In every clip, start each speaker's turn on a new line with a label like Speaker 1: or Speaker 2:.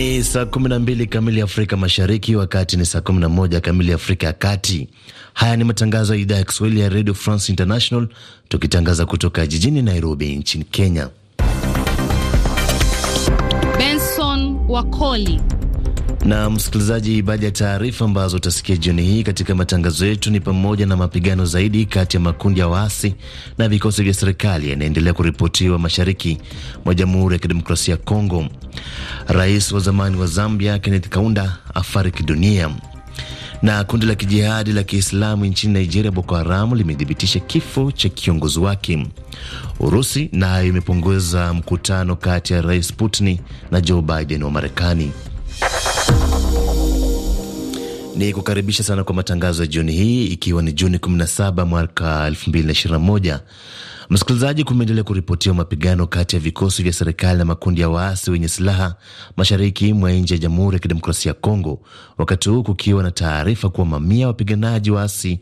Speaker 1: Ni saa 12 kamili Afrika Mashariki, wakati ni saa 11 kamili Afrika ya Kati. Haya ni matangazo ya idhaa ya Kiswahili ya Radio France International, tukitangaza kutoka jijini Nairobi nchini Kenya.
Speaker 2: Benson Wakoli
Speaker 1: na msikilizaji, baadhi ya taarifa ambazo utasikia jioni hii katika matangazo yetu ni pamoja na mapigano zaidi kati ya makundi ya waasi na vikosi vya serikali yanaendelea kuripotiwa mashariki mwa Jamhuri ya Kidemokrasia ya Kongo. Rais wa zamani wa Zambia Kenneth Kaunda afariki dunia na kundi la kijihadi la Kiislamu nchini Nigeria, Boko Haramu, limethibitisha kifo cha kiongozi wake. Urusi nayo imepongeza mkutano kati ya Rais Putin na Joe Biden wa Marekani. Ni kukaribisha sana kwa matangazo ya jioni hii, ikiwa ni Juni 17 mwaka 2021. Msikilizaji, kumeendelea kuripotiwa mapigano kati ya vikosi vya serikali na makundi ya waasi wenye silaha mashariki mwa nje ya Jamhuri ya Kidemokrasia ya Kongo, wakati huu kukiwa na taarifa kuwa mamia wapiganaji waasi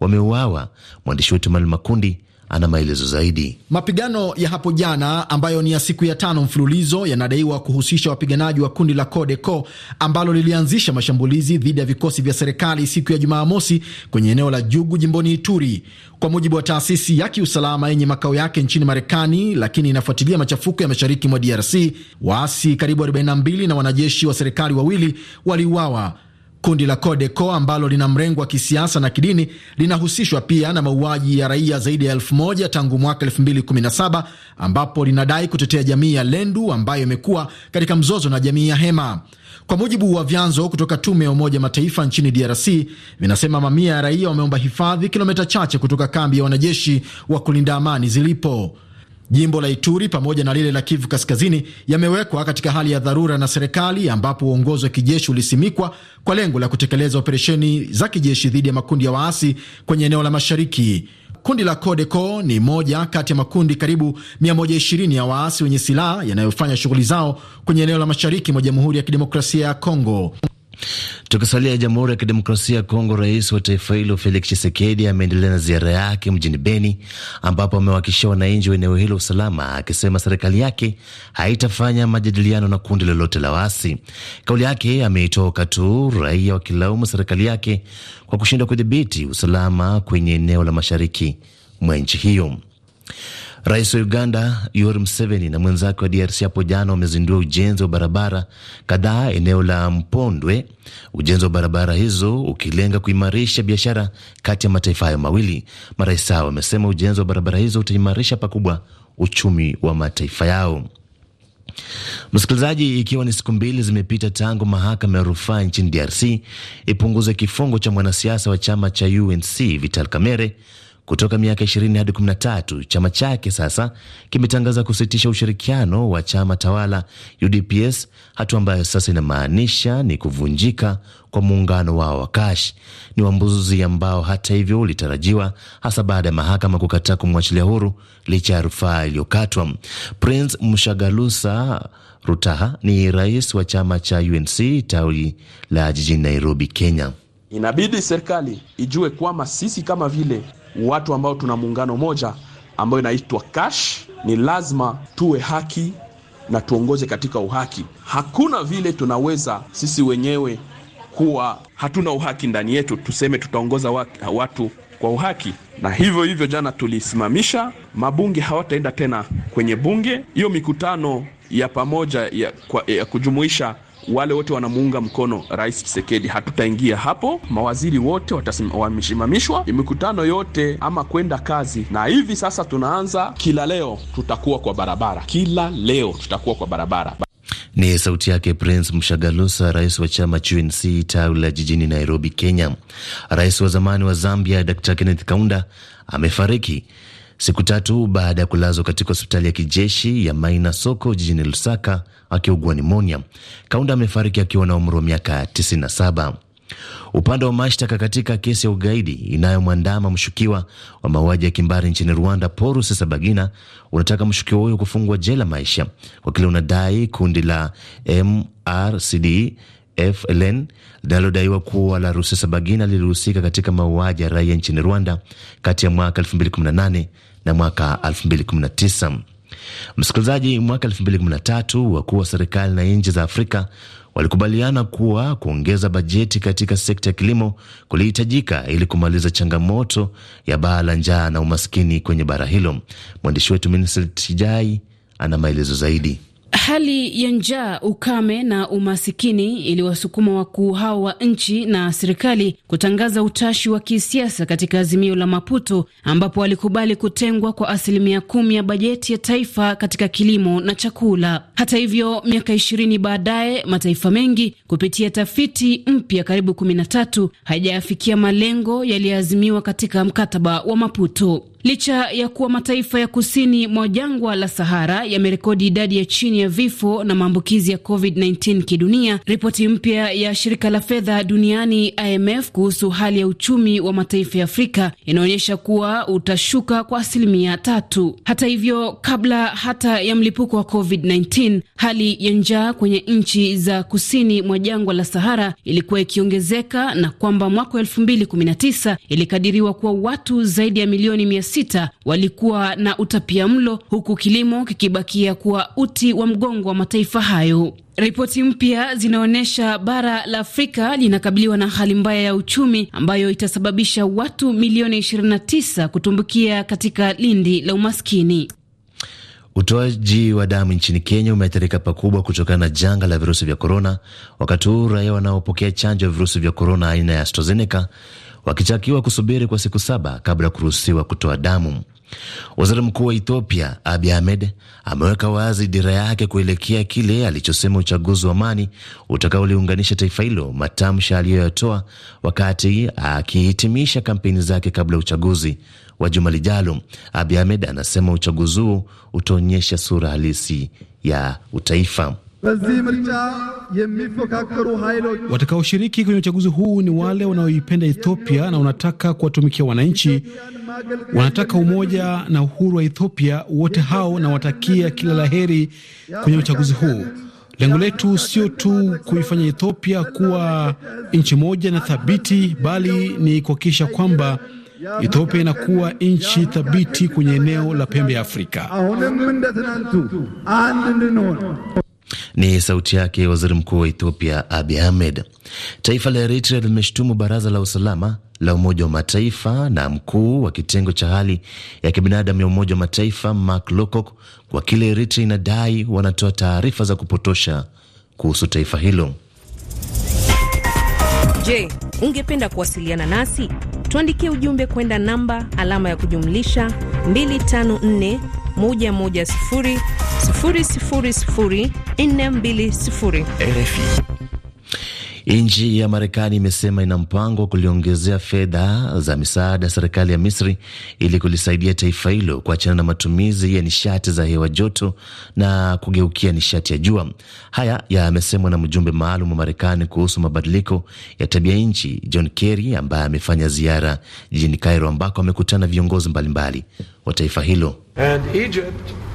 Speaker 1: wameuawa. Mwandishi wetu Mali Makundi ana maelezo zaidi.
Speaker 3: Mapigano ya hapo jana ambayo ni ya siku ya tano mfululizo yanadaiwa kuhusisha wapiganaji wa kundi la Codeco ambalo lilianzisha mashambulizi dhidi ya vikosi vya serikali siku ya Jumamosi kwenye eneo la Jugu jimboni Ituri, kwa mujibu wa taasisi ya kiusalama yenye makao yake nchini Marekani lakini inafuatilia machafuko ya mashariki mwa DRC. Waasi karibu 42 na wanajeshi wa serikali wawili waliuawa Kundi la CODECO ambalo lina mrengo wa kisiasa na kidini linahusishwa pia na mauaji ya raia zaidi ya elfu moja tangu mwaka 2017 ambapo linadai kutetea jamii ya Lendu ambayo imekuwa katika mzozo na jamii ya Hema. Kwa mujibu wa vyanzo kutoka tume ya Umoja Mataifa nchini DRC, vinasema mamia ya raia wameomba hifadhi kilomita chache kutoka kambi ya wanajeshi wa kulinda amani zilipo. Jimbo la Ituri pamoja na lile la Kivu Kaskazini yamewekwa katika hali ya dharura na serikali, ambapo uongozi wa kijeshi ulisimikwa kwa lengo la kutekeleza operesheni za kijeshi dhidi ya makundi ya waasi kwenye eneo la mashariki. Kundi la CODECO ni moja kati ya makundi karibu 120 ya waasi wenye silaha yanayofanya shughuli zao kwenye eneo la mashariki mwa Jamhuri ya Kidemokrasia ya Kongo.
Speaker 1: Tukisalia Jamhuri ya Kidemokrasia ya Kongo, rais wa taifa hilo Felix Tshisekedi ameendelea na ziara yake mjini Beni, ambapo amewahakikishia wananchi wa eneo hilo usalama, akisema serikali yake haitafanya majadiliano na kundi lolote la waasi. Kauli yake ameitoka tu raia wakilaumu serikali yake kwa kushindwa kudhibiti usalama kwenye eneo la mashariki mwa nchi hiyo. Rais wa Uganda Yoweri Museveni na mwenzake wa DRC hapo jana wamezindua ujenzi wa barabara kadhaa eneo la Mpondwe, ujenzi wa barabara hizo ukilenga kuimarisha biashara kati ya mataifa hayo mawili. Marais hao wamesema ujenzi wa barabara hizo utaimarisha pakubwa uchumi wa mataifa yao. Msikilizaji, ikiwa ni siku mbili zimepita tangu mahakama ya rufaa nchini DRC ipunguze kifungo cha mwanasiasa wa chama cha UNC Vital Kamerhe kutoka miaka 20 hadi 13. Chama chake sasa kimetangaza kusitisha ushirikiano wa chama tawala UDPS, hatua ambayo sasa inamaanisha ni kuvunjika kwa muungano wao wa Kash. Ni wambuzi ambao hata hivyo ulitarajiwa, hasa baada ya mahakama kukataa kumwachilia huru licha ya rufaa iliyokatwa. Prince Mshagalusa Rutaha ni rais wa chama cha UNC tawi la jijini Nairobi, Kenya.
Speaker 3: Inabidi serikali ijue kwamba sisi kama vile watu ambao tuna muungano moja ambayo inaitwa Kash, ni lazima tuwe haki na tuongoze katika uhaki. Hakuna vile tunaweza sisi wenyewe kuwa hatuna uhaki ndani yetu, tuseme tutaongoza watu kwa uhaki. Na hivyo hivyo, jana tulisimamisha mabunge, hawataenda tena kwenye bunge. Hiyo mikutano ya pamoja ya, kwa, ya kujumuisha wale wote wanamuunga mkono Rais chisekedi hatutaingia hapo. Mawaziri wote wamesimamishwa, mikutano yote ama kwenda kazi, na hivi sasa tunaanza. Kila leo tutakuwa kwa barabara, kila leo tutakuwa kwa barabara.
Speaker 1: Ni sauti yake Prince Mshagalusa, rais wa chama cha UNC tawi la jijini Nairobi, Kenya. Rais wa zamani wa Zambia Dr Kenneth Kaunda amefariki siku tatu baada ya kulazwa katika hospitali ya kijeshi ya Maina Soko jijini Lusaka akiugua nimonia. Kaunda amefariki akiwa na umri wa miaka 97. Upande wa mashtaka katika kesi ya ugaidi inayomwandama mshukiwa wa mauaji ya kimbari nchini Rwanda, Paul Rusesabagina unataka mshukiwa huyo kufungwa jela maisha kwa kile unadai kundi la MRCD e FLN linalodaiwa kuwa la Rusesabagina lilihusika katika mauaji ya raia nchini Rwanda kati ya mwaka 2018 na mwaka 2019. Msikilizaji, mwaka 2013 wakuu wa serikali na nchi za Afrika walikubaliana kuwa kuongeza bajeti katika sekta ya kilimo kulihitajika ili kumaliza changamoto ya baa la njaa na umaskini kwenye bara hilo. Mwandishi wetu Minsel Tijai ana maelezo zaidi.
Speaker 2: Hali ya njaa, ukame na umasikini iliwasukuma wakuu hao wa nchi na serikali kutangaza utashi wa kisiasa katika azimio la Maputo, ambapo walikubali kutengwa kwa asilimia kumi ya bajeti ya taifa katika kilimo na chakula. Hata hivyo, miaka ishirini baadaye mataifa mengi kupitia tafiti mpya karibu kumi na tatu hayajayafikia malengo yaliyoazimiwa katika mkataba wa Maputo. Licha ya kuwa mataifa ya kusini mwa jangwa la Sahara yamerekodi idadi ya chini ya vifo na maambukizi ya COVID-19 kidunia, ripoti mpya ya shirika la fedha duniani IMF kuhusu hali ya uchumi wa mataifa ya Afrika inaonyesha kuwa utashuka kwa asilimia tatu. Hata hivyo, kabla hata ya mlipuko wa COVID-19, hali ya njaa kwenye nchi za kusini mwa jangwa la Sahara ilikuwa ikiongezeka na kwamba mwaka 2019 ilikadiriwa kuwa watu zaidi ya milioni sita walikuwa na utapia mlo huku kilimo kikibakia kuwa uti wa mgongo wa mataifa hayo. Ripoti mpya zinaonyesha bara la Afrika linakabiliwa na hali mbaya ya uchumi ambayo itasababisha watu milioni 29 kutumbukia katika lindi la umaskini.
Speaker 1: Utoaji wa damu nchini Kenya umeathirika pakubwa kutokana na janga la virusi vya korona, wakati huu raia wanaopokea chanjo ya virusi vya korona aina ya AstraZeneca wakitakiwa kusubiri kwa siku saba kabla ya kuruhusiwa kutoa damu. Waziri Mkuu wa Ethiopia Abiy Ahmed ameweka wazi dira yake kuelekea kile alichosema uchaguzi wa amani utakaoliunganisha taifa hilo, matamshi aliyoyatoa wakati akihitimisha kampeni zake kabla ya uchaguzi wa juma lijalo, abi Ahmed anasema uchaguzi huu utaonyesha sura halisi ya utaifa. Watakaoshiriki kwenye
Speaker 3: uchaguzi huu ni wale wanaoipenda Ethiopia na wanataka kuwatumikia wananchi, wanataka umoja na uhuru wa Ethiopia. Wote hao nawatakia kila laheri kwenye uchaguzi huu. Lengo letu sio tu kuifanya Ethiopia kuwa nchi moja na thabiti, bali ni kuhakikisha kwamba Ethiopia inakuwa nchi thabiti kwenye eneo la pembe ya Afrika.
Speaker 1: Ni sauti yake waziri mkuu wa Ethiopia Abiy Ahmed. Taifa la Eritrea limeshutumu baraza la usalama la Umoja wa Mataifa na mkuu wa kitengo cha hali ya kibinadamu ya Umoja wa Mataifa Mark Lowcock kwa kile Eritrea inadai wanatoa taarifa za kupotosha kuhusu taifa hilo.
Speaker 2: Je, ungependa kuwasiliana nasi? tuandikie ujumbe kwenda namba alama ya kujumlisha 254 110 000 420.
Speaker 1: RFI Nchi ya Marekani imesema ina mpango wa kuliongezea fedha za misaada serikali ya Misri ili kulisaidia taifa hilo kuachana na matumizi ya nishati za hewa joto na kugeukia nishati ya jua. Haya yamesemwa na mjumbe maalum wa Marekani kuhusu mabadiliko ya tabia nchi John Kerry, ambaye amefanya ziara jijini Cairo ambako amekutana viongozi mbalimbali wa taifa hilo
Speaker 2: And Egypt.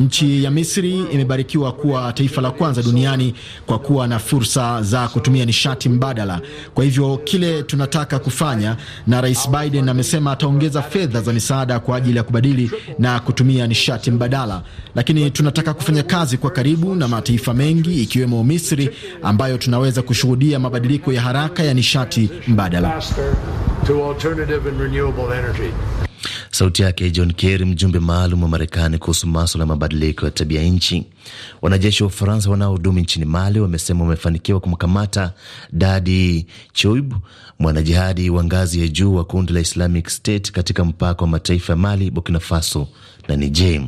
Speaker 3: Nchi ya Misri imebarikiwa kuwa taifa la kwanza duniani kwa kuwa na fursa za kutumia nishati mbadala. Kwa hivyo kile tunataka kufanya, na Rais Biden amesema ataongeza fedha za misaada kwa ajili ya kubadili na kutumia nishati mbadala, lakini tunataka kufanya kazi kwa karibu na mataifa mengi ikiwemo Misri ambayo tunaweza kushuhudia mabadiliko ya haraka ya nishati mbadala.
Speaker 1: Sauti yake John Kerry, mjumbe maalum wa Marekani kuhusu maswala ya mabadiliko ya tabia nchi. Wanajeshi wa Ufaransa wanaohudumu nchini Mali wamesema wamefanikiwa kumkamata Dadi Choib, mwanajihadi wa ngazi ya juu wa kundi la Islamic State katika mpaka wa mataifa ya Mali, Burkina Faso na Niger.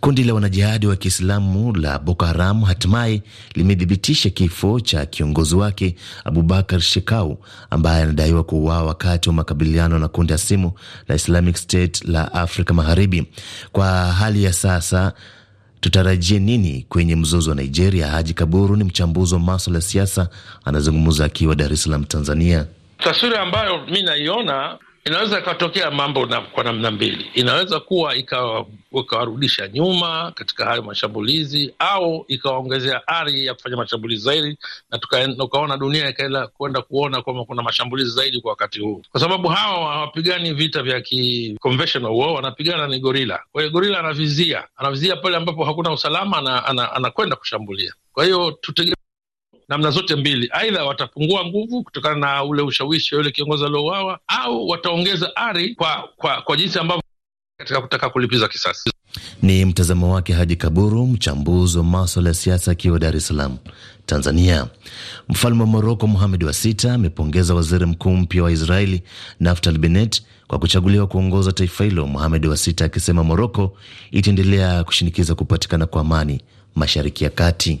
Speaker 1: Kundi la wanajihadi wa Kiislamu la Boko Haram hatimaye limethibitisha kifo cha kiongozi wake Abubakar Shekau ambaye anadaiwa kuuawa wakati wa makabiliano na kundi hasimu la Islamic State la Afrika Magharibi. Kwa hali ya sasa tutarajie nini kwenye mzozo wa Nigeria? Haji Kaburu ni mchambuzi wa maswala ya siasa, anazungumza akiwa Dar es Salaam, Tanzania.
Speaker 3: Taswira ambayo mi naiona inaweza ikatokea mambo na, kwa namna mbili, inaweza kuwa ikawarudisha nyuma katika hayo mashambulizi au ikawaongezea ari ya kufanya mashambulizi zaidi, na tukaona dunia ikaenda kwenda kuona kwamba kuna mashambulizi zaidi kwa wakati huu, kwa sababu hawa hawapigani vita vya ki conventional war, wanapigana ni gorila. Kwa hiyo gorila anavizia, anavizia pale ambapo hakuna usalama, anakwenda ana, ana kushambulia. Kwa hiyo tutegemea namna zote mbili, aidha watapungua nguvu kutokana na ule ushawishi wa yule kiongozi aliouawa au wataongeza ari kwa, kwa, kwa jinsi ambavyo katika kutaka kulipiza kisasi.
Speaker 1: Ni mtazamo wake Haji Kaburu, mchambuzi wa maswala ya siasa, akiwa Dar es Salaam, Tanzania. Mfalme wa Moroko Muhamed wa Sita amepongeza waziri mkuu mpya wa Israeli Naftali Bennett kwa kuchaguliwa kuongoza taifa hilo, Muhamed wa Sita akisema Moroko itaendelea kushinikiza kupatikana kwa amani mashariki ya kati.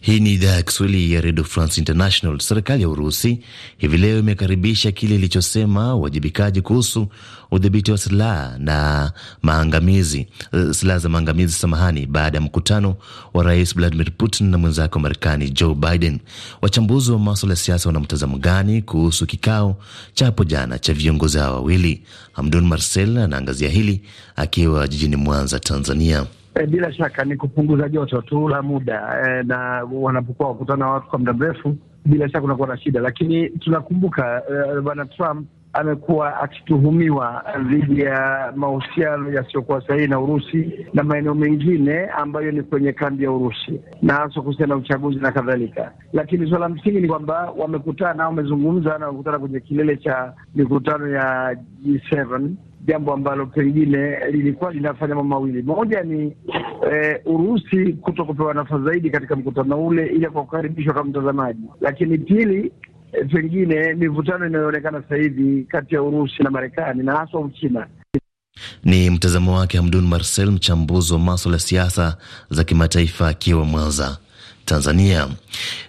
Speaker 1: Hii ni idhaa ya Kiswahili ya redio France International. Serikali ya Urusi hivi leo imekaribisha kile ilichosema uwajibikaji kuhusu udhibiti wa silaha na maangamizi, eh, silaha za maangamizi, samahani, baada ya mkutano wa rais Vladimir Putin na mwenzake wa Marekani Joe Biden. Wachambuzi wa maswala ya siasa wana mtazamo gani kuhusu kikao cha hapo jana cha viongozi hao wawili? Hamdun Marcel anaangazia hili akiwa jijini Mwanza, Tanzania.
Speaker 3: E, bila shaka ni kupunguza joto tu la muda e, na wanapokuwa wakutana watu kwa muda mrefu, bila shaka unakuwa na shida, lakini tunakumbuka e, bwana Trump amekuwa akituhumiwa dhidi ya mahusiano yasiyokuwa sahihi na Urusi na maeneo mengine ambayo ni kwenye kambi ya Urusi na hasa kuhusiana na uchaguzi na kadhalika. Lakini suala msingi ni kwamba wamekutana, wamezungumza na wamekutana kwenye kilele cha mikutano ya G7 jambo ambalo pengine lilikuwa linafanya mambo mawili. Moja ni e, eh, Urusi kuto kupewa nafasi zaidi katika mkutano ule, ila kwa kukaribishwa kama mtazamaji, lakini pili e, pengine mivutano inayoonekana sasa hivi kati ya Urusi na Marekani na haswa Uchina.
Speaker 1: Ni mtazamo wake Hamdun Marcel, mchambuzi wa maswala ya siasa za kimataifa akiwa Mwanza. Tanzania.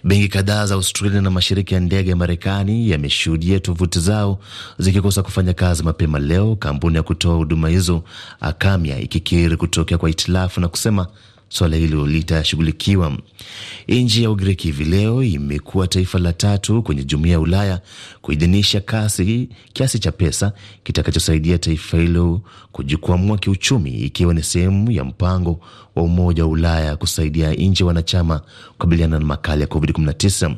Speaker 1: Benki kadhaa za Australia na mashirika ya ndege ya Marekani yameshuhudia tovuti zao zikikosa kufanya kazi mapema leo, kampuni ya kutoa huduma hizo Akamya ikikiri kutokea kwa hitilafu na kusema suala hilo litashughulikiwa. Nchi ya Ugiriki hivi leo imekuwa taifa la tatu kwenye jumuiya ya Ulaya kuidhinisha kasi kiasi cha pesa kitakachosaidia taifa hilo kujikwamua kiuchumi, ikiwa ni sehemu ya mpango wa Umoja wa Ulaya kusaidia nchi wanachama kukabiliana na makali ya COVID-19.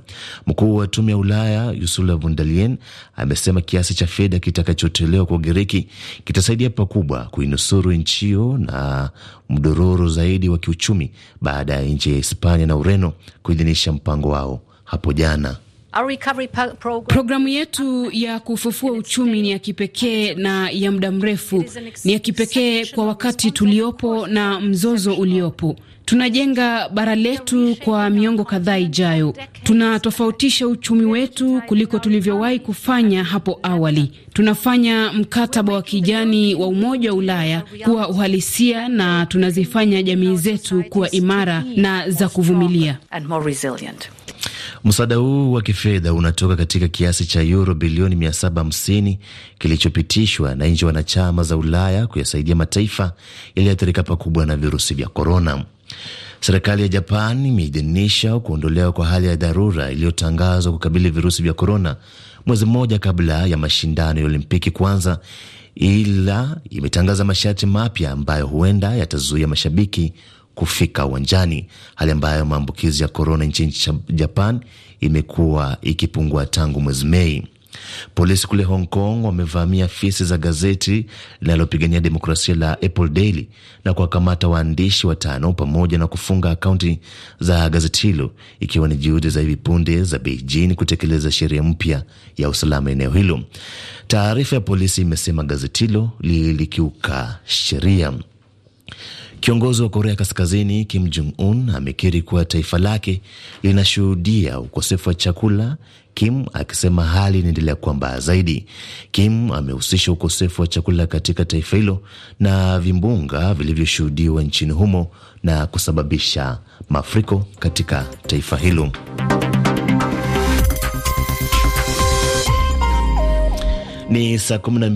Speaker 1: Mkuu wa Tume ya Ulaya Ursula von der Leyen amesema kiasi cha fedha kitakachotolewa kwa Ugiriki kitasaidia pakubwa kuinusuru nchi hiyo na mdororo zaidi wa kiuchumi baada ya nchi ya Hispania na Ureno kuidhinisha mpango wao hapo jana
Speaker 2: Our recovery program. Programu yetu ya kufufua uchumi ni ya kipekee na ya muda mrefu, ni ya kipekee kwa wakati tuliopo na mzozo uliopo. Tunajenga bara letu kwa miongo kadhaa ijayo. Tunatofautisha uchumi wetu kuliko tulivyowahi kufanya hapo awali. Tunafanya mkataba wa kijani wa Umoja wa Ulaya kuwa uhalisia na tunazifanya jamii zetu kuwa imara na za kuvumilia.
Speaker 1: Msaada huu wa kifedha unatoka katika kiasi cha yuro bilioni 750 kilichopitishwa na nchi wanachama za Ulaya kuyasaidia mataifa yaliyoathirika pakubwa na virusi vya korona. Serikali ya Japan imeidhinisha kuondolewa kwa hali ya dharura iliyotangazwa kukabili virusi vya korona mwezi mmoja kabla ya mashindano ya Olimpiki kwanza ila imetangaza masharti mapya ambayo huenda yatazuia mashabiki kufika uwanjani, hali ambayo maambukizi ya korona nchini Japan imekuwa ikipungua tangu mwezi Mei. Polisi kule Hong Kong wamevamia afisi za gazeti linalopigania demokrasia la Apple Daily na kuwakamata waandishi watano pamoja na kufunga akaunti za gazeti hilo, ikiwa ni juhudi za hivi punde za Beijing kutekeleza sheria mpya ya usalama eneo hilo. Taarifa ya polisi imesema gazeti hilo lilikiuka sheria. Kiongozi wa Korea Kaskazini Kim Jong Un amekiri kuwa taifa lake linashuhudia ukosefu wa chakula, Kim akisema hali inaendelea kuwa mbaya zaidi. Kim amehusisha ukosefu wa chakula katika taifa hilo na vimbunga vilivyoshuhudiwa nchini humo na kusababisha mafuriko katika taifa hilo. Ni saa